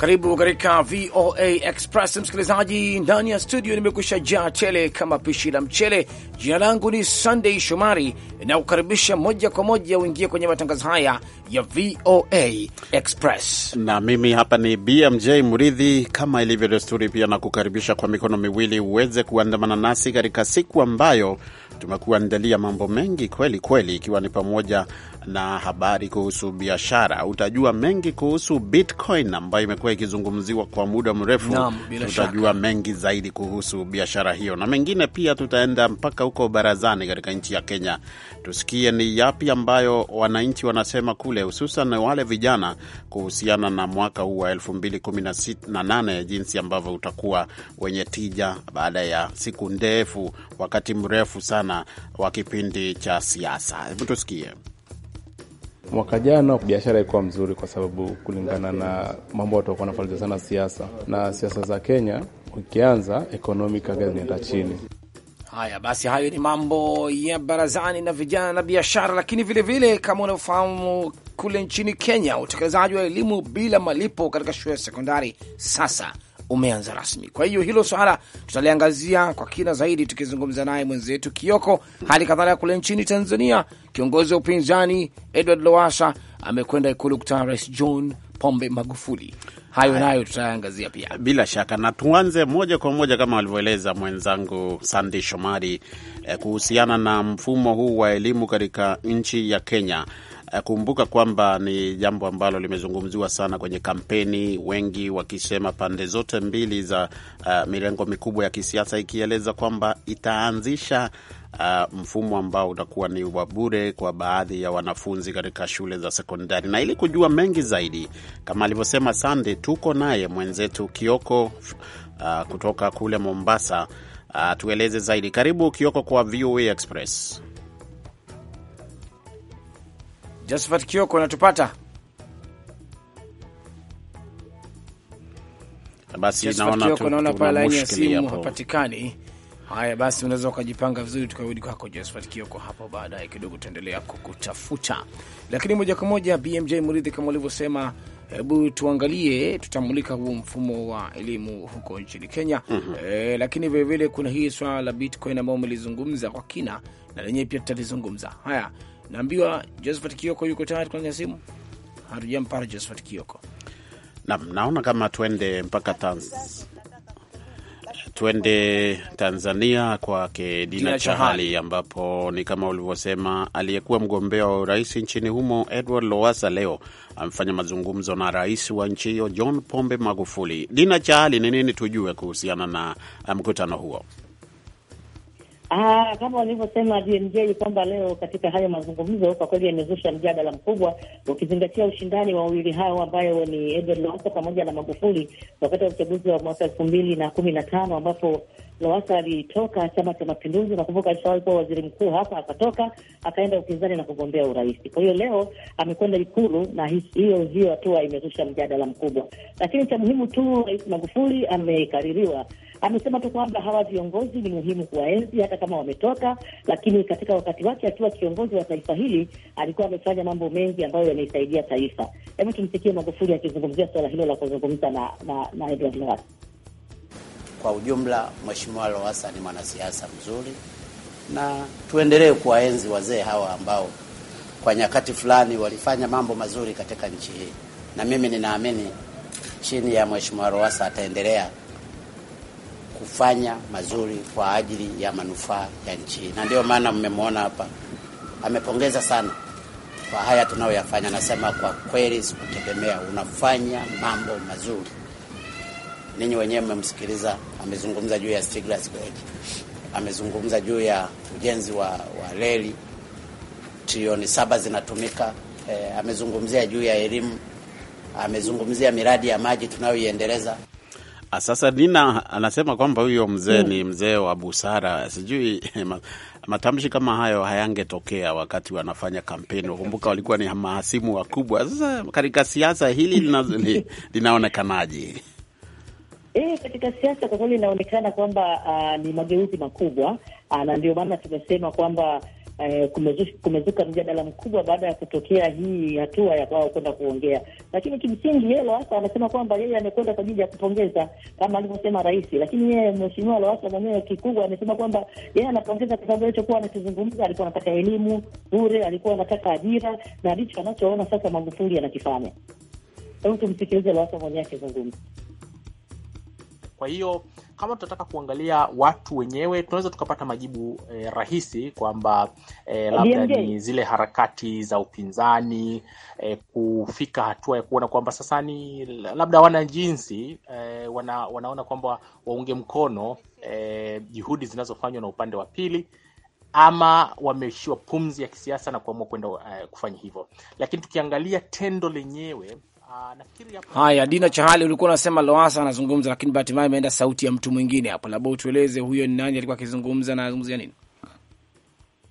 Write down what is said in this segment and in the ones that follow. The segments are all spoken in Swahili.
Karibu katika VOA Express msikilizaji, ndani ya studio nimekusha jaa tele kama pishi la mchele. Jina langu ni Sunday Shomari na kukaribisha moja kwa moja uingie kwenye matangazo haya ya VOA Express, na mimi hapa ni BMJ Muridhi. Kama ilivyo desturi, pia nakukaribisha kwa mikono miwili uweze kuandamana nasi katika siku ambayo Tumekuandalia mambo mengi kweli kweli, ikiwa ni pamoja na habari kuhusu biashara. Utajua mengi kuhusu Bitcoin ambayo imekuwa ikizungumziwa kwa muda mrefu. Tutajua mengi zaidi kuhusu biashara hiyo na mengine pia. Tutaenda mpaka huko barazani katika nchi ya Kenya, tusikie ni yapi ambayo wananchi wanasema kule, hususan wale vijana, kuhusiana na mwaka huu wa 2018 jinsi ambavyo utakuwa wenye tija baada ya siku ndefu, wakati mrefu sana sana wa kipindi cha siasa. Hebu tusikie. Mwaka jana biashara ilikuwa mzuri kwa sababu kulingana na mambo watu walikuwa sana siasa, na siasa za Kenya ukianza economic zinaenda chini. Haya basi, hayo ni mambo ya barazani na vijana na biashara. Lakini vilevile vile, kama unavyofahamu kule nchini Kenya, utekelezaji wa elimu bila malipo katika shule ya sekondari sasa umeanza rasmi. Kwa hiyo hilo swala tutaliangazia kwa kina zaidi tukizungumza naye mwenzetu Kioko. Hali kadhalika kule nchini Tanzania, kiongozi wa upinzani Edward Lowasa amekwenda Ikulu kutana Rais John Pombe Magufuli. Hayo nayo tutayangazia pia bila shaka, na tuanze moja kwa moja kama alivyoeleza mwenzangu Sandey Shomari eh, kuhusiana na mfumo huu wa elimu katika nchi ya Kenya. Eh, kumbuka kwamba ni jambo ambalo limezungumziwa sana kwenye kampeni, wengi wakisema pande zote mbili za uh, mirengo mikubwa ya kisiasa ikieleza kwamba itaanzisha Uh, mfumo ambao utakuwa ni wa bure kwa baadhi ya wanafunzi katika shule za sekondari. Na ili kujua mengi zaidi, kama alivyosema Sande, tuko naye mwenzetu Kioko uh, kutoka kule Mombasa. Uh, tueleze zaidi. Karibu Kioko kwa VOA Express. Josephat Kioko, unatupata? Basi naona naona pa laini ya simu hapatikani. Haya basi, unaweza ukajipanga vizuri, tukarudi kwako Josephat Kioko hapo baadaye kidogo, tutaendelea kukutafuta. Lakini moja kwa moja, BMJ Muridhi, kama ulivyosema, hebu tuangalie, tutamulika huu mfumo wa elimu huko nchini Kenya. mm -hmm. E, lakini vilevile kuna hii swala la Bitcoin ambayo umelizungumza kwa kina na lenyewe pia tutalizungumza. Haya, Naambiwa Josephat Kioko yuko tayari kwenye simu, hatujampata Josephat Kioko. Naam, naona kama tuende mpaka Tanz... tuende Tanzania kwake Dina Chahali, ambapo ni kama ulivyosema, aliyekuwa mgombea wa urais nchini humo Edward Lowasa leo amefanya mazungumzo na rais wa nchi hiyo John Pombe Magufuli. Dina Chahali, ni nini tujue kuhusiana na uh, mkutano huo? Ah, kama walivyosema DMJ kwamba leo katika hayo mazungumzo kwa kweli yamezusha mjadala mkubwa, ukizingatia ushindani wa wawili hao ambayo ni Edward Lowassa pamoja na Magufuli wakati wa uchaguzi wa mwaka elfu mbili na kumi na tano ambapo Lowassa alitoka Chama cha Mapinduzi. Nakumbuka alishawahi kuwa waziri mkuu hapa, akatoka akaenda upinzani na kugombea urais. Kwa hiyo leo amekwenda Ikulu na hiyo hiyo hatua imezusha mjadala mkubwa, lakini cha muhimu tu, Rais Magufuli amekaririwa Amesema tu kwamba hawa viongozi ni muhimu kuwaenzi hata kama wametoka, lakini katika wakati wake akiwa kiongozi wa taifa hili alikuwa amefanya mambo mengi ambayo yanaisaidia taifa. Hebu tumsikie Magufuli akizungumzia suala hilo la kuzungumza na, na, na Edward Lowassa. Kwa ujumla, Mheshimiwa Lowassa ni mwanasiasa mzuri na tuendelee kuwaenzi wazee hawa ambao kwa nyakati fulani walifanya mambo mazuri katika nchi hii, na mimi ninaamini chini ya Mheshimiwa Lowassa ataendelea kufanya mazuri kwa ajili ya manufaa ya nchi, na ndiyo maana mmemwona hapa amepongeza sana kwa haya tunayoyafanya. Nasema kwa kweli, sikutegemea unafanya mambo mazuri. Ninyi wenyewe mmemsikiliza, amezungumza juu ya amezungumza juu ya ujenzi wa, wa reli trilioni saba zinatumika eh, amezungumzia juu ya elimu, amezungumzia miradi ya maji tunayoiendeleza. Ah, sasa Nina anasema kwamba huyo mzee mm. ni mzee wa busara. Sijui matamshi kama hayo hayangetokea wakati wanafanya kampeni. Kumbuka walikuwa ni mahasimu wakubwa. Sasa katika siasa hili linaonekanaje? E, katika siasa kwa kweli inaonekana kwamba uh, ni mageuzi makubwa uh, na ndio maana tumesema kwamba kumezuka, eh, kumezuka mjadala mkubwa baada ya kutokea hii hatua ya wao kwenda kuongea, lakini kimsingi yeye Lowassa anasema kwamba yeye amekwenda kwa ajili ya kupongeza kama alivyosema rais, lakini yeye mheshimiwa Lowassa mwenyewe kikubwa amesema kwamba yeye anapongeza kwa sababu alichokuwa anakizungumza, alikuwa anataka elimu bure, alikuwa anataka ajira na ndicho anachoona sasa Magufuli anakifanya. Hebu tumsikilize Lowassa mwenyewe akizungumza. Kwa hiyo kama tunataka kuangalia watu wenyewe, tunaweza tukapata majibu eh, rahisi kwamba eh, labda ni zile harakati za upinzani eh, kufika hatua ya kuona kwamba sasa ni labda wana jinsi eh, wana, wanaona kwamba waunge mkono eh, juhudi zinazofanywa na upande wa pili ama wameishiwa pumzi ya kisiasa na kuamua kwenda uh, kufanya hivyo. Lakini tukiangalia tendo lenyewe Ah, Haya, Dina Chahali, ulikuwa unasema Loasa anazungumza, lakini bahatimaye imeenda sauti ya mtu mwingine hapo, labda utueleze huyo ni nani, alikuwa akizungumza na anazungumzia nini?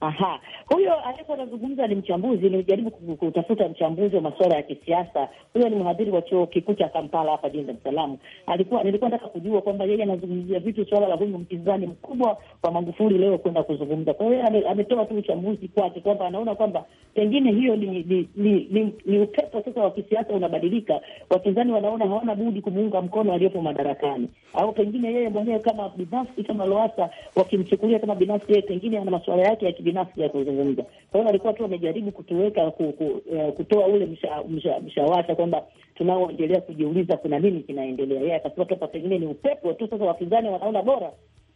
Aha, huyo alikuwa anazungumza ni mchambuzi. Nilijaribu kutafuta mchambuzi wa masuala ya kisiasa. Huyo ni mhadhiri wa chuo kikuu cha Kampala hapa jijini Dar es Salaam. Alikuwa, nilikuwa nataka kujua kwamba yeye anazungumzia vitu, suala la huyu mpinzani mkubwa wa Magufuli leo kwenda kuzungumza. Kwa hiyo ametoa tu uchambuzi kwake kwamba anaona kwamba pengine hiyo ni ni, ni, ni, ni upepo sasa wa kisiasa unabadilika. Wapinzani wanaona hawana budi kumuunga mkono aliyepo madarakani, au pengine yeye mwenyewe kama binafsi, kama Loasa wakimchukulia kama binafsi, yeye pengine ana masuala yake ya kibi binafsi ya kuzungumza. Kwa hiyo walikuwa tu wamejaribu kutuweka ku, ku, uh, kutoa ule mshawasha msha, msha kwamba tunaoendelea kujiuliza kuna nini kinaendelea. Yeye akasema tu hapa pengine ni upepo tu, sasa wapinzani wanaona bora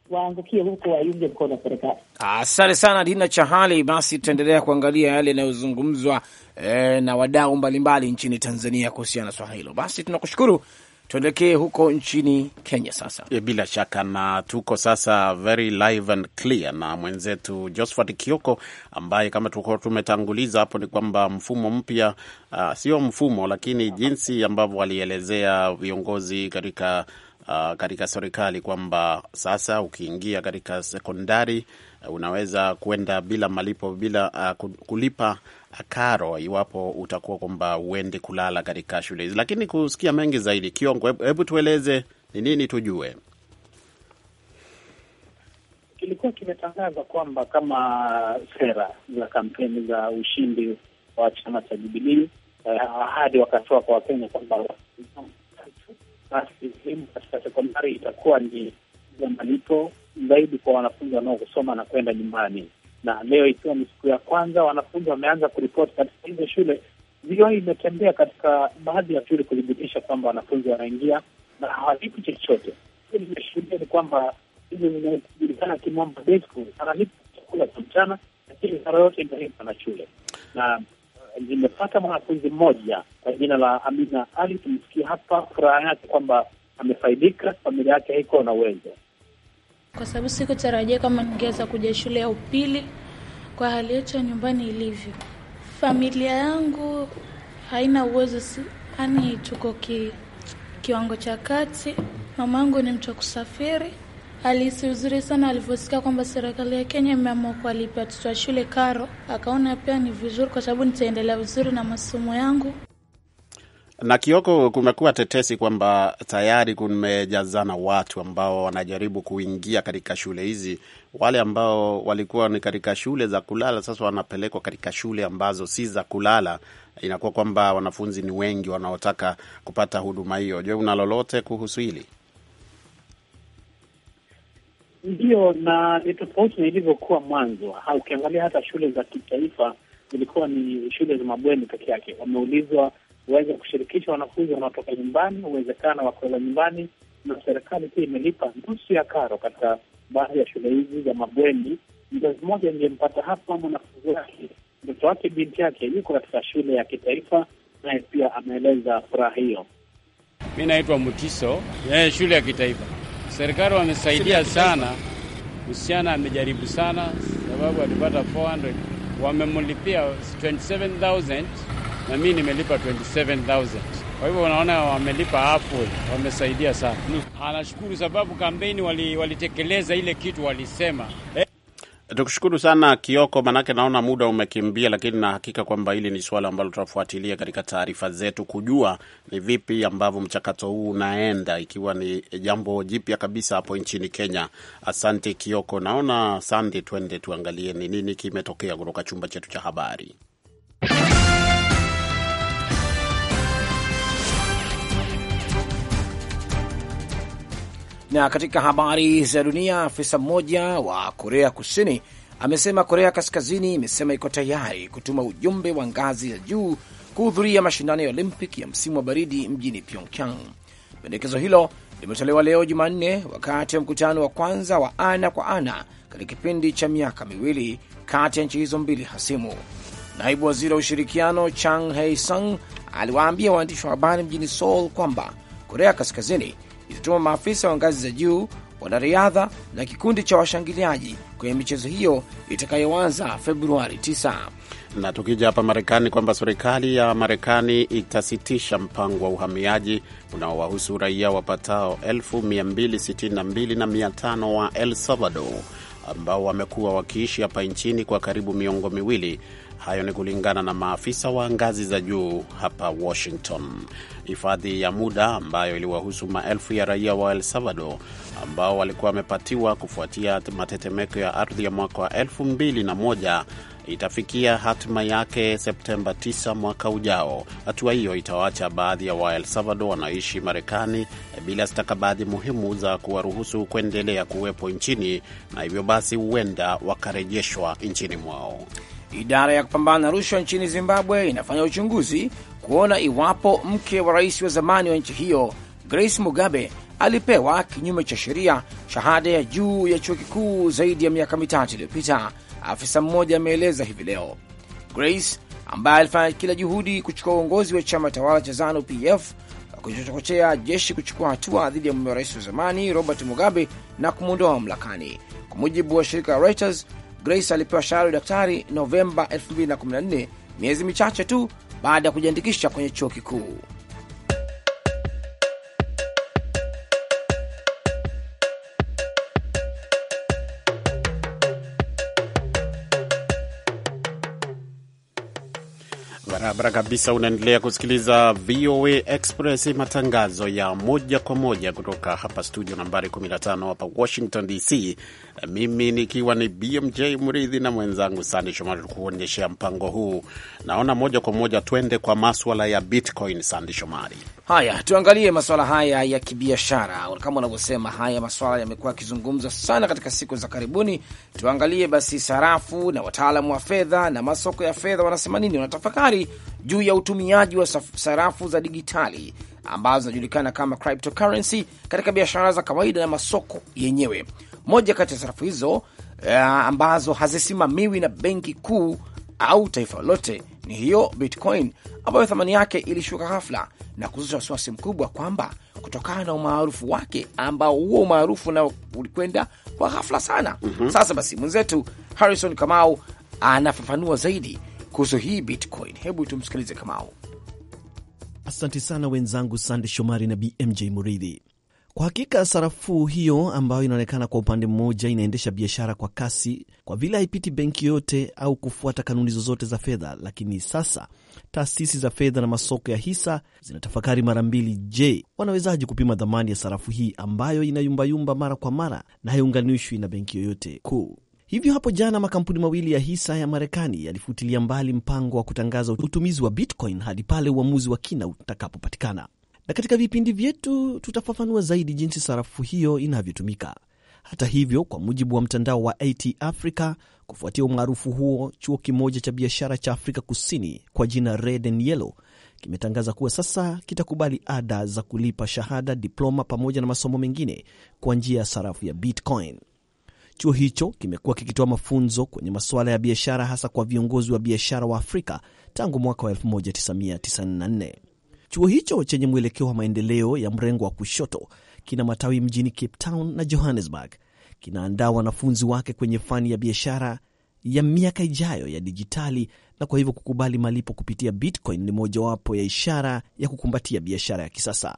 waangukie huko waiunge mkono serikali. Asante sana Dina Chahali. Basi tutaendelea kuangalia yale yanayozungumzwa eh, na wadau mbalimbali nchini Tanzania kuhusiana na swala hilo. Basi tunakushukuru Tuelekee huko nchini Kenya sasa. E, bila shaka na tuko sasa very live and clear na mwenzetu Josphat Kioko, ambaye kama tuko tumetanguliza hapo ni kwamba mfumo mpya uh, sio mfumo lakini jinsi ambavyo walielezea viongozi katika Uh, katika serikali kwamba sasa ukiingia katika sekondari uh, unaweza kwenda bila malipo bila uh, kulipa karo iwapo utakuwa kwamba uende kulala katika shule hizi. Lakini kusikia mengi zaidi, Kiongo, hebu tueleze ni nini tujue. Kilikuwa kimetangazwa kwamba kama sera za kampeni za ushindi wa chama cha Jubilii, eh, ahadi wakatoa kwa Wakenya kwamba basi elimu katika sekondari itakuwa ni za malipo zaidi kwa wanafunzi wanaosoma na kwenda nyumbani na leo ikiwa ni siku ya kwanza, wanafunzi wameanza kuripoti katika hizo shule. VOA imetembea katika baadhi ya shule kuthibitisha kwamba wanafunzi wanaingia na hawalipi chochote. Limeshuhudia ni kwamba hizo zinajulikana kimombo day school, analipa chakula cha mchana, lakini karo yote imelipa na shule na zimepata eh, mwanafunzi mmoja kwa jina la Amina Ali. tumsikia hapa furaha yake kwamba amefaidika, familia yake haiko na uwezo kwa sababu sikutarajia kama ningeweza kuja shule ya upili kwa hali yetu ya nyumbani ilivyo. Familia yangu haina uwezo, yaani tuko ki, kiwango cha kati. Mama yangu ni mtu wa kusafiri, alihisi uzuri sana alivyosikia kwamba serikali ya Kenya imeamua kuwalipa watoto wa shule karo, akaona pia ni vizuri, kwa sababu nitaendelea vizuri na masomo yangu. Na Kioko, kumekuwa tetesi kwamba tayari kumejazana watu ambao wanajaribu kuingia katika shule hizi. Wale ambao walikuwa ni katika shule za kulala sasa wanapelekwa katika shule ambazo si za kulala. Inakuwa kwamba wanafunzi ni wengi wanaotaka kupata huduma hiyo. Je, una lolote kuhusu hili? Ndio, na ni tofauti na ilivyokuwa mwanzo. Ukiangalia hata shule za kitaifa zilikuwa ni shule za mabweni peke yake. Wameulizwa uweze kushirikisha wanafunzi wanaotoka nyumbani, uwezekano wa kutoka nyumbani. Na serikali pia imelipa nusu ya karo katika baadhi ya shule hizi za mabweni. Mzazi mmoja niliyempata hapa, mwanafunzi wake, mtoto wake, binti yake yuko katika shule ya kitaifa, naye pia ameeleza furaha hiyo. Mi naitwa Mutiso, yeye eh, shule ya kitaifa. Serikali wamesaidia sana, msichana amejaribu sana, sababu alipata 400 wamemlipia 27000 na mi nimelipa 27000 kwa hivyo unaona, wamelipa hapo, wamesaidia sana. Anashukuru sababu kampeni walitekeleza wali ile kitu walisema eh. Tukushukuru sana Kioko, manake naona muda umekimbia, lakini na hakika kwamba hili ni suala ambalo tutafuatilia katika taarifa zetu kujua ni vipi ambavyo mchakato huu unaenda, ikiwa ni jambo jipya kabisa hapo nchini Kenya. Asante Kioko. Naona Sande, twende tuangalie ni nini kimetokea kutoka chumba chetu cha habari. Na katika habari za dunia, afisa mmoja wa Korea Kusini amesema Korea Kaskazini imesema iko tayari kutuma ujumbe wa ngazi ya juu kuhudhuria mashindano ya Olimpiki ya msimu wa baridi mjini Pyongyang. Pendekezo hilo limetolewa leo Jumanne wakati wa mkutano wa kwanza wa ana kwa ana katika kipindi cha miaka miwili kati ya nchi hizo mbili hasimu. Naibu waziri wa ushirikiano Chang Hei aliwaambia waandishi wa habari mjini Seoul kwamba Korea Kaskazini itatuma maafisa wa ngazi za juu, wanariadha na kikundi cha washangiliaji kwenye michezo hiyo itakayoanza Februari 9. Na tukija hapa Marekani, kwamba serikali ya Marekani itasitisha mpango wa uhamiaji unaowahusu raia wapatao 262 na wa El Salvador ambao wamekuwa wakiishi hapa nchini kwa karibu miongo miwili Hayo ni kulingana na maafisa wa ngazi za juu hapa Washington. Hifadhi ya muda ambayo iliwahusu maelfu ya raia wa El Salvador ambao walikuwa wamepatiwa kufuatia matetemeko ya ardhi ya mwaka wa 2001 itafikia hatima yake Septemba 9 mwaka ujao. Hatua hiyo itawaacha baadhi ya Wael Salvador wanaoishi Marekani bila stakabadhi muhimu za kuwaruhusu kuendelea kuwepo nchini, na hivyo basi huenda wakarejeshwa nchini mwao. Idara ya kupambana na rushwa nchini Zimbabwe inafanya uchunguzi kuona iwapo mke wa rais wa zamani wa nchi hiyo Grace Mugabe alipewa kinyume cha sheria shahada ya juu ya chuo kikuu zaidi ya miaka mitatu iliyopita, afisa mmoja ameeleza hivi leo. Grace ambaye alifanya kila juhudi kuchukua uongozi wa chama tawala cha ZANU-PF kuchochea jeshi kuchukua hatua dhidi ya mume wa rais wa zamani Robert Mugabe na kumwondoa mamlakani, kwa mujibu wa shirika Reuters. Grace alipewa shahada udaktari Novemba 2014, miezi michache tu baada ya kujiandikisha kwenye chuo kikuu. Barabara kabisa. Unaendelea kusikiliza VOA Express, matangazo ya moja kwa moja kutoka hapa studio nambari 15 hapa Washington DC, mimi nikiwa ni BMJ Mridhi na mwenzangu sandi Shomari kuonyeshea mpango huu. Naona moja kwa moja twende kwa maswala ya Bitcoin. sandi Shomari. Haya, tuangalie masuala haya ya kibiashara. Kama unavyosema, haya masuala yamekuwa yakizungumza sana katika siku za karibuni. Tuangalie basi sarafu na wataalamu wa fedha na masoko ya fedha wanasema nini, wanatafakari juu ya utumiaji wa sarafu za digitali ambazo zinajulikana kama cryptocurrency katika biashara za kawaida na masoko yenyewe. Moja kati ya sarafu hizo uh, ambazo hazisimamiwi na benki kuu au taifa lolote ni hiyo Bitcoin ambayo thamani yake ilishuka ghafla na kuzusha wasiwasi mkubwa kwamba kutokana na umaarufu wake ambao huo umaarufu nao ulikwenda kwa ghafla sana. mm -hmm. Sasa basi mwenzetu Harrison Kamau anafafanua zaidi kuhusu hii Bitcoin. Hebu tumsikilize Kamau. Asante sana wenzangu Sande Shomari na BMJ Muridhi. Kwa hakika sarafu hiyo ambayo inaonekana kwa upande mmoja inaendesha biashara kwa kasi kwa vile haipiti benki yote au kufuata kanuni zozote za fedha, lakini sasa taasisi za fedha na masoko ya hisa zinatafakari mara mbili. Je, wanawezaje kupima dhamani ya sarafu hii ambayo inayumbayumba mara kwa mara na haiunganishwi na benki yoyote kuu? Hivyo hapo jana makampuni mawili ya hisa ya Marekani yalifutilia mbali mpango wa kutangaza utumizi wa Bitcoin hadi pale uamuzi wa kina utakapopatikana na katika vipindi vyetu tutafafanua zaidi jinsi sarafu hiyo inavyotumika. Hata hivyo, kwa mujibu wa mtandao wa AT Africa, kufuatia umaarufu huo, chuo kimoja cha biashara cha Afrika Kusini kwa jina Red and Yellow kimetangaza kuwa sasa kitakubali ada za kulipa shahada, diploma pamoja na masomo mengine kwa njia ya sarafu ya Bitcoin. Chuo hicho kimekuwa kikitoa mafunzo kwenye masuala ya biashara hasa kwa viongozi wa biashara wa Afrika tangu mwaka wa 1994. Chuo hicho chenye mwelekeo wa maendeleo ya mrengo wa kushoto kina matawi mjini Cape Town na Johannesburg. Kinaandaa wanafunzi wake kwenye fani ya biashara ya miaka ijayo ya dijitali, na kwa hivyo kukubali malipo kupitia Bitcoin ni mojawapo ya ishara ya kukumbatia biashara ya kisasa.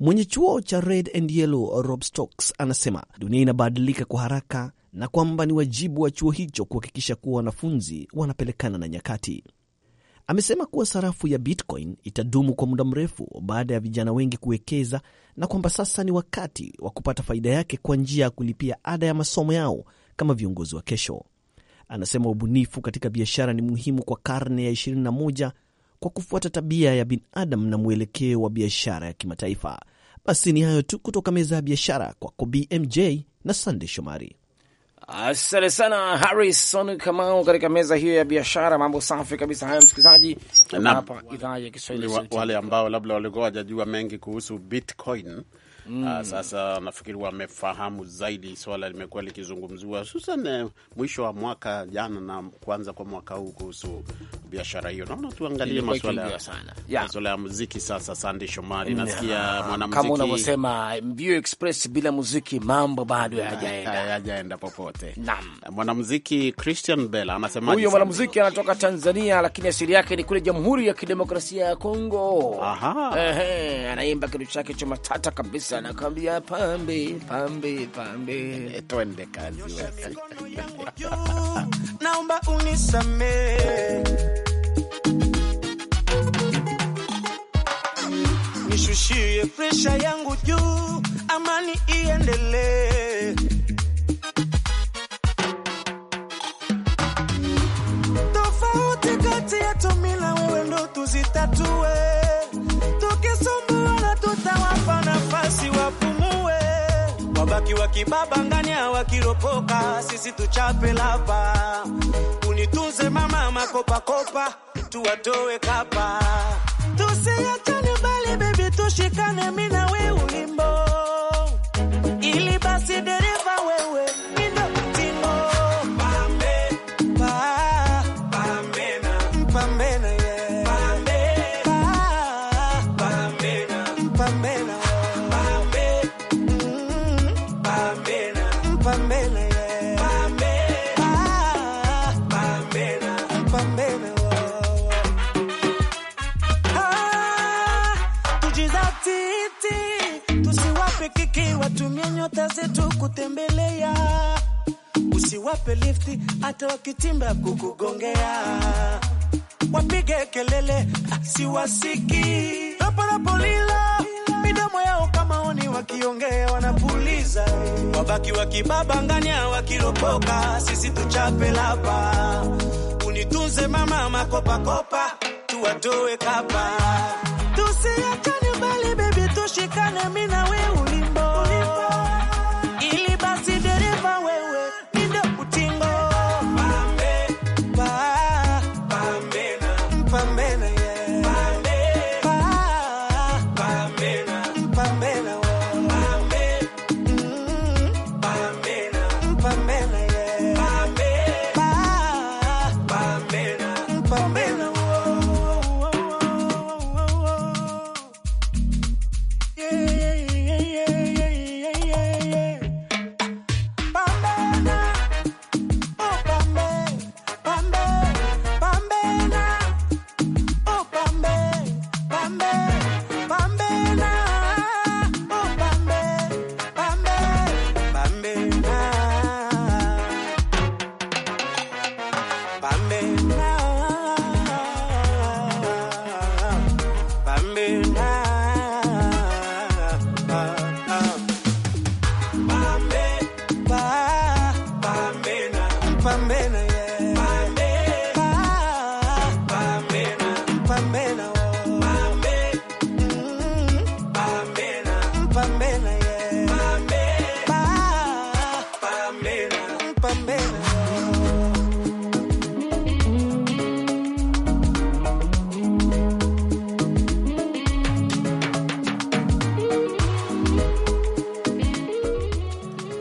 Mwenye chuo cha Red and Yellow Rob Stocks anasema dunia inabadilika kwa haraka na kwamba ni wajibu wa chuo hicho kuhakikisha kuwa wanafunzi wanapelekana na nyakati. Amesema kuwa sarafu ya Bitcoin itadumu kwa muda mrefu baada ya vijana wengi kuwekeza na kwamba sasa ni wakati wa kupata faida yake kwa njia ya kulipia ada ya masomo yao kama viongozi wa kesho. Anasema ubunifu katika biashara ni muhimu kwa karne ya 21 kwa kufuata tabia ya binadamu na mwelekeo wa biashara ya kimataifa. Basi ni hayo tu kutoka meza ya biashara, kwako BMJ na Sande Shomari. Asante sana Harrison Kamau katika meza hiyo ya biashara. Mambo safi kabisa hayo, msikilizaji, hapa idhaa ya Kiswahili. Wale ambao labda walikuwa wajajua mengi kuhusu Bitcoin Mm. Uh, sasa nafikiri wamefahamu zaidi, swala limekuwa likizungumziwa hususan eh, mwisho wa mwaka jana na kuanza kwa mwaka huu kuhusu biashara hiyo. Naona tuangalie maswala ya ya muziki sasa. Sande Shomari, nasikia mwanamuziki kama unavyosema Mbio Express, bila muziki mambo bado hayajaenda, hayajaenda popote. Naam, mwanamuziki Christian Bella anasema, huyo mwanamuziki anatoka Tanzania lakini asili yake ni kule Jamhuri ya Kidemokrasia ya Kongo. Aha, ehe, anaimba kitu chake cha matata kabisa anakwambia pambe pambe pambe, eh, eh, twende kazi. Naomba unisame nishushie presha yangu juu, amani iendelee. Tofauti kati yetu, mila wewe ndo tuzitatue tukisoma wakiwa kibaba ngania wakiropoka, sisi tuchape lapa, unitunze mama makopakopa, tuwatowe kapa, tusiachane bali baby, tushikane mina we ulimbo watoe kitimba kukugongea, wapige kelele siwasikii, raparapolila midomo yao kama oni, wakiongea wanapuliza, wabaki wakibabanganya, wakiropoka, sisi tuchape lapa, unitunze mama, makopakopa tuwatoe kapa, tusiachane bali bebi, tushikane na we mí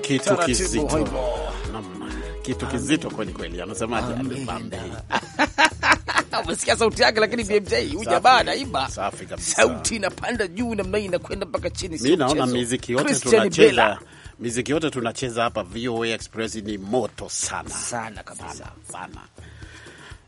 kitu kizito kitu kizito kweli kweli. Anasemaje? Umesikia sauti yake, lakini BMJ huyu jamaa anaimba sauti inapanda juu namna inakwenda mpaka chini. Mimi naona muziki yote tunacheza miziki yote tunacheza hapa VOA Express ni moto sana sana kabisa sana,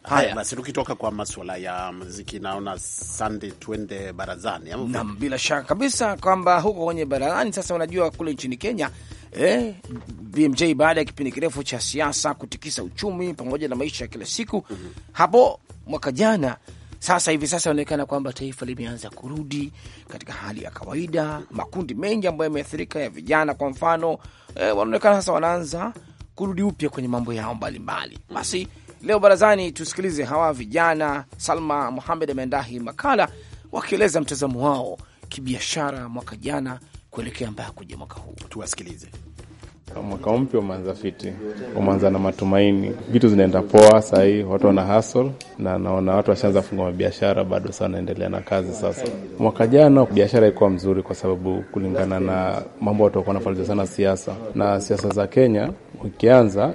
Haya basi, tukitoka kwa masuala ya muziki, naona Sande, twende barazani. Naam, bila shaka kabisa kwamba huko kwenye barazani sasa, unajua kule nchini Kenya eh, BMJ baada ya kipindi kirefu cha siasa kutikisa uchumi pamoja na maisha ya kila siku mm -hmm. hapo mwaka jana sasa hivi sasa inaonekana kwamba taifa limeanza kurudi katika hali ya kawaida. Makundi mengi ambayo yameathirika ya vijana kwa mfano e, wanaonekana sasa wanaanza kurudi upya kwenye mambo yao mbalimbali. Basi leo barazani tusikilize hawa vijana. Salma Muhamed ameandaa hii makala wakieleza mtazamo wao kibiashara mwaka jana kuelekea kuja mwaka huu. Tuwasikilize. Mwaka mpya umeanza fiti, umeanza na matumaini, vitu zinaenda poa sahii, watu wana hustle na naona watu washaanza funga mabiashara, bado saa wanaendelea na kazi. Sasa mwaka jana biashara ilikuwa mzuri, kwa sababu kulingana na mambo watu wakuwa wanafanya sana siasa na siasa za Kenya, ukianza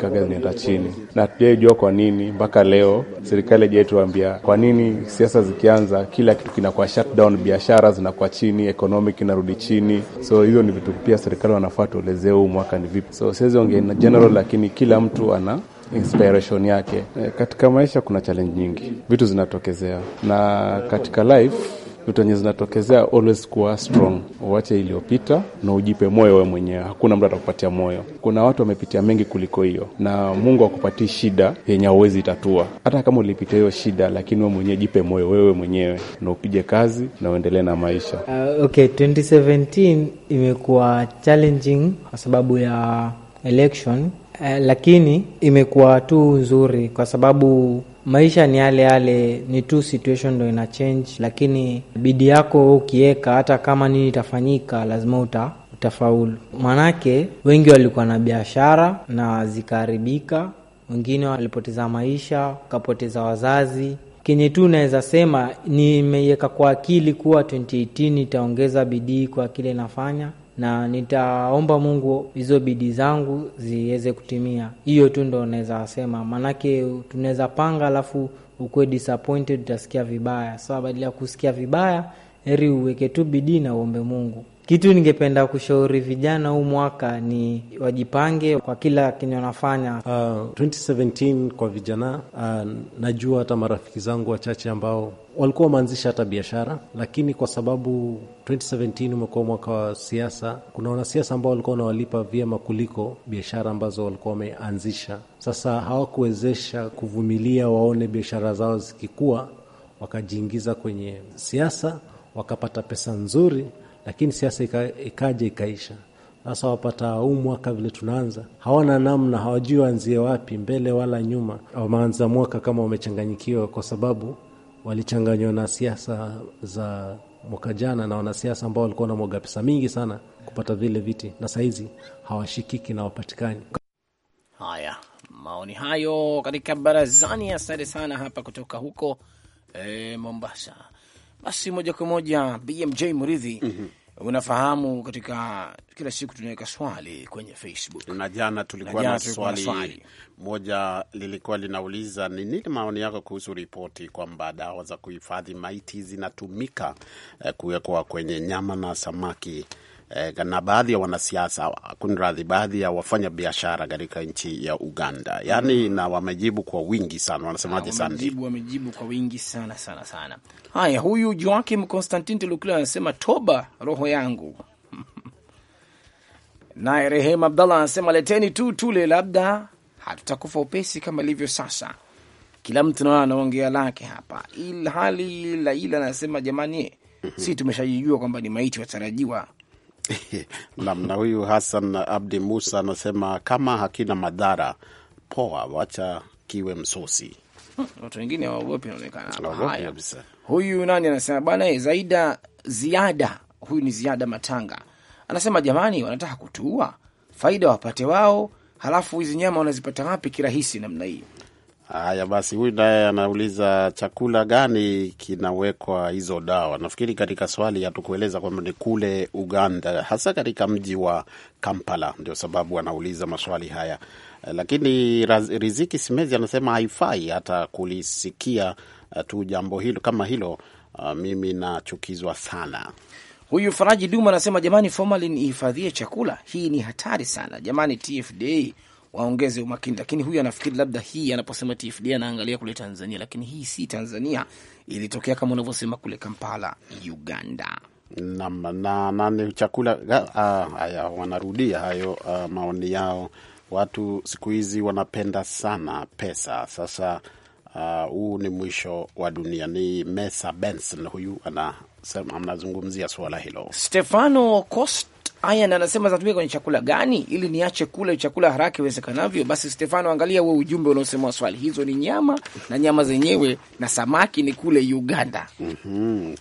kaga zinaenda chini, na tujaijua kwa nini mpaka leo serikali haijatuambia kwa nini. Siasa zikianza kila kitu kinakuwa shutdown, biashara zinakuwa chini, ekonomi inarudi chini, so hizo ni vitu pia serikali wanafaa tuelezee huu mwaka ni vipi. So siwezi ongea na general, lakini kila mtu ana inspiration yake. Eh, katika maisha kuna challenge nyingi, vitu zinatokezea, na katika life vitu enye zinatokezea, always kuwa strong, uache iliyopita na ujipe moyo wewe mwenyewe. Hakuna mtu atakupatia moyo. Kuna watu wamepitia mengi kuliko hiyo, na Mungu akupatii shida yenye hauwezi tatua Hata kama ulipitia hiyo shida, lakini wewe mwenyewe jipe moyo wewe mwenyewe na upige kazi na uendelee na maisha. Uh, okay, 2017 imekuwa challenging kwa sababu ya election uh, lakini imekuwa tu nzuri kwa sababu maisha ni yale yale, ni tu situation ndo ina change, lakini bidi yako ukiweka, hata kama nini itafanyika, lazima uta utafaulu. Manake wengi walikuwa na biashara na zikaharibika, wengine walipoteza maisha, wakapoteza wazazi kenye tu unaweza sema nimeiweka kwa akili kuwa 2018 itaongeza bidii kwa kile nafanya na nitaomba Mungu hizo bidii zangu ziweze kutimia. Hiyo tu ndo naweza sema, maanake tunaweza panga alafu ukuwe disappointed, utasikia vibaya. so, badili ya kusikia vibaya, heri uweke tu bidii na uombe Mungu. Kitu ningependa kushauri vijana huu mwaka ni wajipange kwa kila kenye wanafanya. Uh, 2017 kwa vijana uh, najua hata marafiki zangu wachache ambao walikuwa wameanzisha hata biashara, lakini kwa sababu 2017 umekuwa mwaka wa siasa, kuna wanasiasa ambao walikuwa wanawalipa vyema kuliko biashara ambazo walikuwa wameanzisha. Sasa hawakuwezesha kuvumilia waone biashara zao zikikua, wakajiingiza kwenye siasa, wakapata pesa nzuri lakini siasa ikaja ikaisha. Sasa wapata huu mwaka vile tunaanza, hawana namna, hawajui waanzie wapi, mbele wala nyuma. Wameanza mwaka kama wamechanganyikiwa, kwa sababu walichanganywa na siasa za mwaka jana na wanasiasa ambao walikuwa wanamwaga pesa mingi sana kupata vile viti, na sahizi hawashikiki na wapatikani. Haya, maoni hayo katika barazani. Asante sana hapa kutoka huko e, Mombasa. Basi moja kwa moja BMJ Muridhi, mm -hmm. Unafahamu, katika kila siku tunaweka swali kwenye Facebook na jana tulikuwa na swali, swali moja lilikuwa linauliza ni nini maoni yako kuhusu ripoti kwamba dawa za kuhifadhi maiti zinatumika eh, kuwekwa kwenye nyama na samaki eh, na baadhi ya wanasiasa kunradhi, baadhi ya wafanya biashara katika nchi ya Uganda yani mm -hmm. na wamejibu kwa wingi sana, wanasemaje? Wamejibu, wamejibu kwa wingi sana sana sana. Haya, huyu Joakim Constantin Telukila anasema toba roho yangu naye Rehema Abdallah anasema leteni tu tule, labda hatutakufa upesi kama ilivyo sasa. Kila mtu naona anaongea lake hapa, ilhali Laila anasema jamani, mm -hmm. si tumeshajijua kwamba ni maiti watarajiwa namna huyu Hassan Abdi Musa anasema kama hakina madhara poa, wacha kiwe msosi. Watu wengine waogopi, inaonekana. Huyu nani anasema bana eh, Zaida Ziada, huyu ni Ziada Matanga anasema jamani, wanataka kutuua, faida wapate wao, halafu hizi nyama wanazipata wapi kirahisi namna hii? Haya basi, huyu naye anauliza chakula gani kinawekwa hizo dawa. Nafikiri katika swali hatukueleza kwamba ni kule Uganda, hasa katika mji wa Kampala, ndio sababu anauliza maswali haya. Lakini Riziki Simezi anasema haifai hata kulisikia eh, tu jambo hilo kama hilo. Uh, mimi nachukizwa sana. Huyu Faraji Duma anasema jamani, formalin ihifadhie chakula, hii ni hatari sana jamani. TFDA waongeze umakini, lakini huyu anafikiri labda hii anaposema TFD anaangalia kule Tanzania, lakini hii si Tanzania, ilitokea kama unavyosema kule Kampala, Uganda. Naam, na nani na, chakula ah, wanarudia hayo ah, maoni yao. Watu siku hizi wanapenda sana pesa. Sasa ah, huu uh, ni mwisho wa dunia. Ni Mesa Benson huyu anasema, anazungumzia suala hilo. Stefano Costa Aya, na anasema zinatumika kwenye chakula gani, ili niache kula chakula haraka iwezekanavyo. Basi Stefano, angalia huo ujumbe unaosema swali hizo ni nyama na nyama zenyewe na samaki ni kule Uganda. mm -hmm.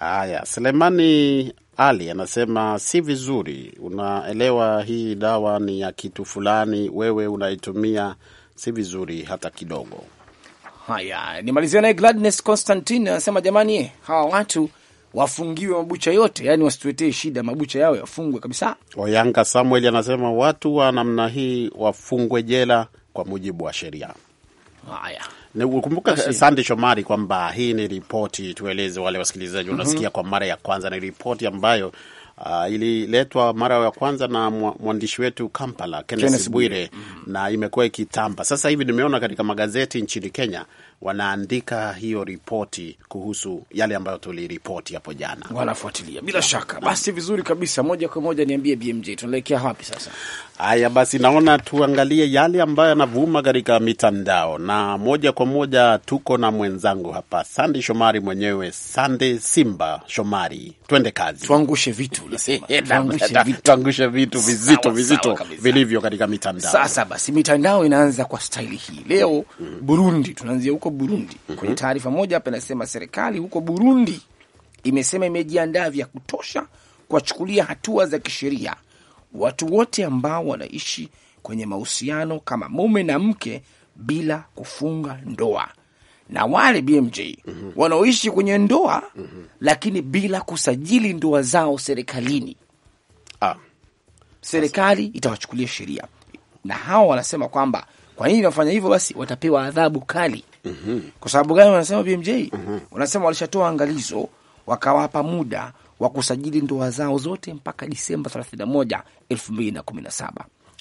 Aya, Selemani Ali anasema si vizuri, unaelewa hii dawa ni ya kitu fulani, wewe unaitumia, si vizuri hata kidogo. Haya, nimalizia naye Gladness Constantine anasema jamani, hawa watu wafungiwe mabucha yote, yani wasituetee shida, mabucha yao yafungwe kabisa. Oyanga Samuel anasema watu wa namna hii wafungwe jela kwa mujibu wa sheria. Haya, Nikumbuka Sande Shomari, kwamba hii ni ripoti, tueleze wale wasikilizaji unasikia mhm. mm -hmm. kwa mara ya kwanza, ni ripoti ambayo uh, ililetwa mara ya kwanza na mwandishi wetu Kampala, Kenneth Bwire mm -hmm. na imekuwa ikitamba sasa hivi. Nimeona katika magazeti nchini Kenya wanaandika hiyo ripoti kuhusu yale ambayo tuliripoti hapo jana, wanafuatilia bila shaka. Basi vizuri kabisa, moja kwa moja niambie BMJ, tunaelekea wapi sasa? Haya basi, naona tuangalie yale ambayo yanavuma katika mitandao, na moja kwa moja tuko na mwenzangu hapa Sande Shomari mwenyewe, Sande Simba Shomari, twende kazi, tuangushe vitu, tuangushe vitu vizito vizito vilivyo katika mitandao. Sasa basi, mitandao inaanza kwa staili hii leo. Mm. Burundi, tunaanzia huko Burundi. mm -hmm. Kwenye taarifa moja hapa inasema serikali huko Burundi imesema imejiandaa vya kutosha kuwachukulia hatua za kisheria watu wote ambao wanaishi kwenye mahusiano kama mume na mke bila kufunga ndoa na wale BMJ mm -hmm. wanaoishi kwenye ndoa mm -hmm. lakini bila kusajili ndoa zao serikalini. Ah, serikali itawachukulia sheria, na hawa wanasema kwamba kwa nini wanafanya hivyo, basi watapewa adhabu kali -hmm. Kwa sababu gani wanasema BMJ? mm -hmm. Wanasema walishatoa angalizo, wakawapa muda wa kusajili ndoa zao zote mpaka Disemba 31, 2017.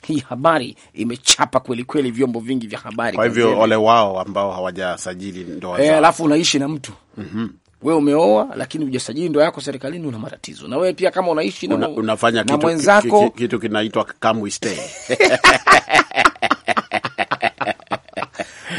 Hii habari imechapa kweli kweli vyombo vingi vya habari. Kwa hivyo ole wao ambao hawajasajili ndoa eh, zao. E, alafu unaishi na mtu mm -hmm. We umeoa lakini hujasajili ndoa yako serikalini, una matatizo. Na wewe pia kama unaishi na, una, unafanya na kitu, mwenzako kitu, kitu kinaitwa come we stay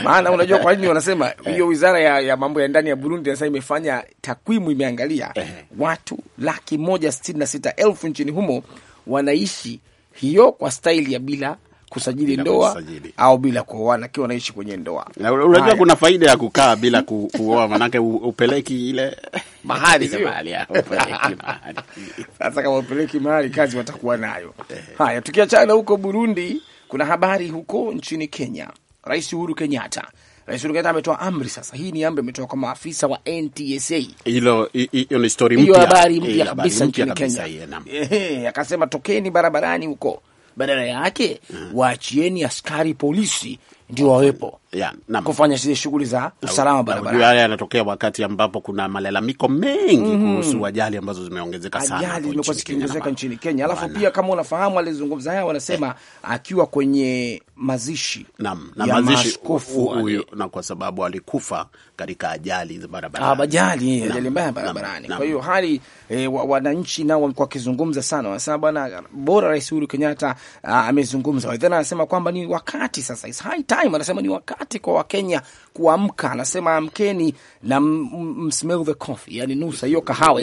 maana unajua kwa nini wanasema eh. hiyo wizara ya, ya mambo ya ndani ya Burundi sasa imefanya takwimu, imeangalia eh. watu laki moja sitini na sita elfu nchini humo wanaishi hiyo kwa staili ya bila kusajili bila ndoa kusajili, au bila kuoana kiwa wanaishi kwenye ndoa. Unajua kuna faida ya kukaa bila ku, kuoa manake upeleki ile mahali sasa kama upeleki mahali kazi watakuwa nayo. Eh. Haya, tukiachana huko Burundi, kuna habari huko nchini Kenya Rais Uhuru Kenyatta. Rais Uhuru Kenyatta ametoa amri sasa. Hii ni amri ametoa kwa maafisa wa NTSA. Hilo hiyo ni story mpya, habari mpya eh, kabisa nchini Kenya. akasema tokeni barabarani huko, badala yake hmm. waachieni askari polisi ndio wawepo yeah, kufanya zile shughuli za usalama barabarani. Haya yanatokea wakati ambapo kuna malalamiko mengi mm -hmm. kuhusu ajali ambazo zimeongezeka sana, ajali zimekuwa zikiongezeka nchini Kenya. Alafu pia kama unafahamu, alizungumza haya, wanasema eh, akiwa kwenye mazishi naam, na mazishi maaskofu huyu, na kwa sababu alikufa katika ajali za barabarani, ah, ajali ajali mbaya barabarani. Kwa hiyo hali e, wananchi nao walikuwa wakizungumza sana, wanasema bwana, bora Rais Uhuru Kenyatta ah, amezungumza, anasema kwamba ni wakati sasa, it's high time, anasema ni wakati wakati kwa Wakenya kuamka. Anasema amkeni na smell the coffee, yani nusa hiyo kahawa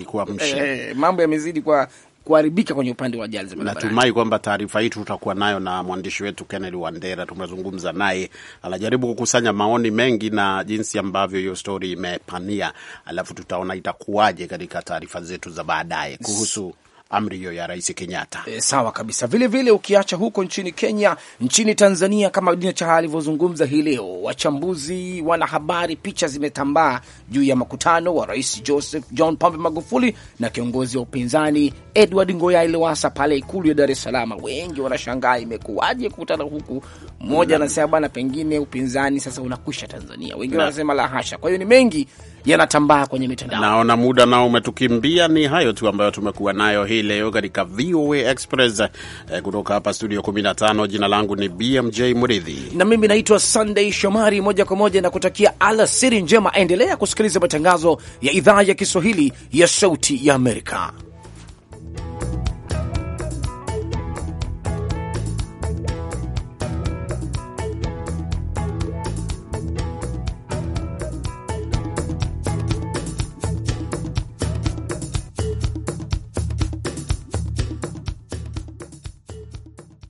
ikuamshe. Eh, eh, mambo yamezidi kwa kuharibika kwenye upande wa ajali za barabarani. Natumai kwamba taarifa hii tutakuwa nayo na mwandishi wetu Kennedy Wandera. Tumezungumza naye, anajaribu kukusanya maoni mengi na jinsi ambavyo hiyo stori imepania, alafu tutaona itakuwaje katika taarifa zetu za baadaye kuhusu amri hiyo ya Rais Kenyatta. E, sawa kabisa. Vilevile ukiacha huko nchini Kenya, nchini Tanzania, kama Dina Chahali alivyozungumza hii leo, wachambuzi, wanahabari, picha zimetambaa juu ya makutano wa Rais Joseph John Pombe Magufuli na kiongozi wa upinzani Edward Ngoyai Lowassa pale Ikulu ya Dar es Salaam. Wengi wanashangaa imekuwaje kukutana huku. Mmoja anasema bwana, pengine upinzani sasa unakwisha Tanzania, wengine wanasema la hasha. Kwa hiyo ni mengi yanatambaa kwenye mitandao. Naona muda nao umetukimbia. Ni hayo tu ambayo tumekuwa nayo hii leo katika VOA Express eh, kutoka hapa studio 15. Jina langu ni BMJ Mridhi na mimi naitwa Sunday Shomari. Moja kwa moja na kutakia alasiri njema. Endelea kusikiliza matangazo ya idhaa ya Kiswahili ya Sauti ya Amerika.